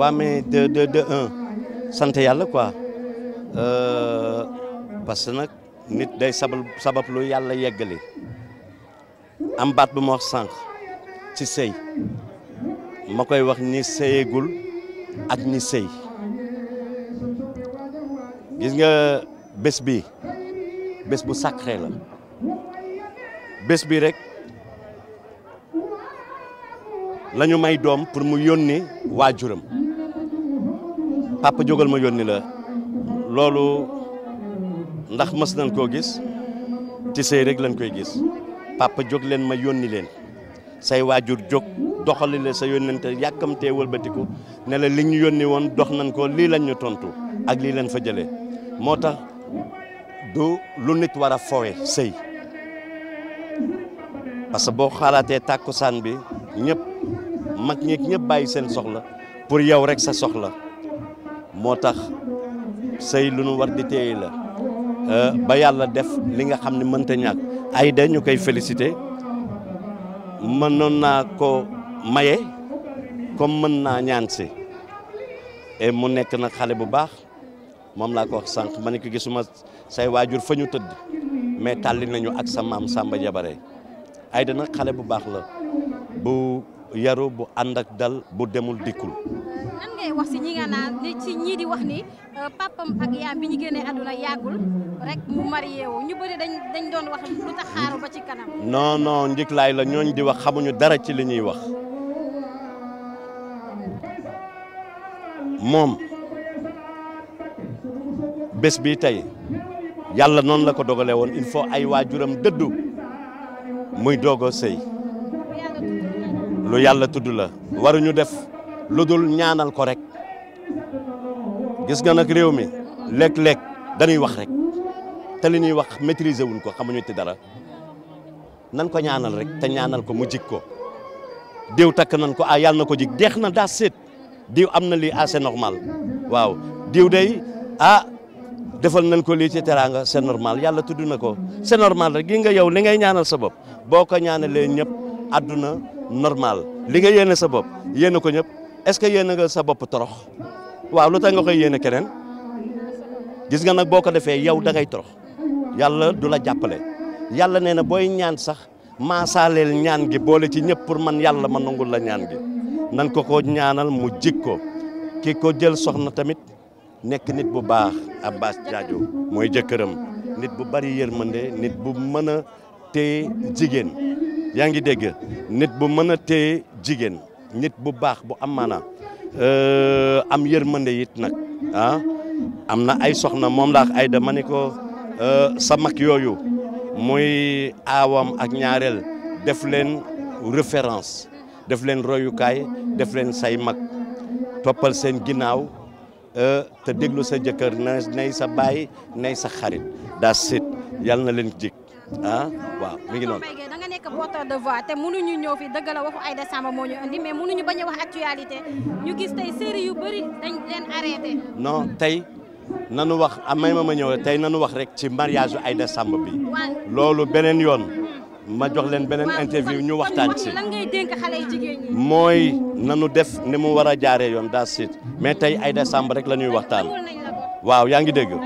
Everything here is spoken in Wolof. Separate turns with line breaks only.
waa mais de de de un yàlla ko euh, parce que nag nit day sabab sabab yàlla yeggali am baat bu ma wax sànq ci sëy ma koy wax ni sëyeegul ak ni sëy gis nga bés bi bés bu sacré la bés bi rek. lañu may doom pour mu yónni waajuram papa jógal ma yónni la loolu ndax mës nañ koo gis ci sëy rek lañ koy gis papa jóg leen ma yónni leen say waajur jóg doxali la sa yónnente yàkkamtee wëlbatiku ne la li ñu yónni woon dox nañ ko lii lañ ñu tontu ak lii lañ fa jëlee moo tax du lu nit war a fowe sëy parce que boo xalaatee tàkkusaan bi ñëpp mag ñeeg ñëpp bàyyi seen soxla pour yow rek sa soxla moo tax sëy lu nu war di téye la euh, ba yàlla def li nga xam ne mënta ñàkk ay da ñu koy mën noon naa ko maye comme mën naa ñaan si et mu nekk na xale bu baax moom laa ko wax sànq ma ne gisuma say waajur fa ñu tëdd mais tàlli nañu ak sa maam sàmba Jabare ay da nag xale bu baax la bu yaru bu andak dal bu demul dikul
lan ngay wax ci ñi nga naan ci ñi di wax ni euh, papam ak yaam biñu ñu aduna yagul rek mu marié wu ñu bëri dañ dañ doon wax lu ta xaru ba ci kanam. non
non lay la ñoñ di wax xamuñu dara ci li ñuy wax mom bes bi tay yalla non la ko dogalee won il faut ay wajuram dëddu muy dogo sey lu yàlla tudd la ñu def lu dul ñaanal ko rek gis nga nag réew mi lek léeg dañuy wax rek te li ñuy wax maîtriser wuñ ko xamuñu ti dara nan ko ñaanal rek te ñaanal ko mu jig ko diw takk nan ko ah yàlla na ko jig deex na daa seet diw am na lii assez ah, normal waaw diw day ah defal nañ ko lii ci teraanga c'est normal yàlla tudd na ko c'est normal rek gi nga yow li ngay ñaanal sa bopp boo ko ñaanalee ñëpp àdduna normal li nga yéene sa bopp yéene ko ñëpp est-ce que yéene nga sa bopp torox waaw lu tax nga koy yéene keneen gis nga nag boo ko defee yow dangay ngay torox yàlla du la jàppale yàlla nee na booy ñaan sax maasaaleel ñaan gi boole ci ñëpp pour man yàlla ma nangul la ñaan gi nan ko ko ñaanal mu jik ko ki ko jël soxna tamit nekk nit bu baax Abbas Diadio mooy jëkkëram nit bu bari yërmande nit bu mën a téye jigéen yaa ngi dégg nit bu mën a téye jigéen nit bu baax bu am maanaam euh, am yërmande it nag ah am na ay soxna moom laax ay da ma ni ko euh, sa mag yooyu muy aawam ak ñaareel def leen référence def leen royukaay def leen say mag toppal seen ginnaaw euh, te déglu sa jëkkër na nay sa baay nay sa xarit daa sit yàlla na leen jig ah mi ngi noonu
nekk porteur de voix fi dëgg la waxu Aïda Samba moo ñu indi mais mënuñu bañ a wax actualité ñu gis tey série yu bëri dañ leen arrêté.
non tey nanu wax ah, may ma ma ñëw tey nanu wax rek ci mariage ay Aïda Samba bi. loolu beneen yoon. Hmm. ma jox leen beneen interview ñu waxtaan ci mooy nanu def ni mu war a jaaree yoon daa sit mais tey Aïda Samb rek la ñuy waxtaan waaw yaa ngi dégg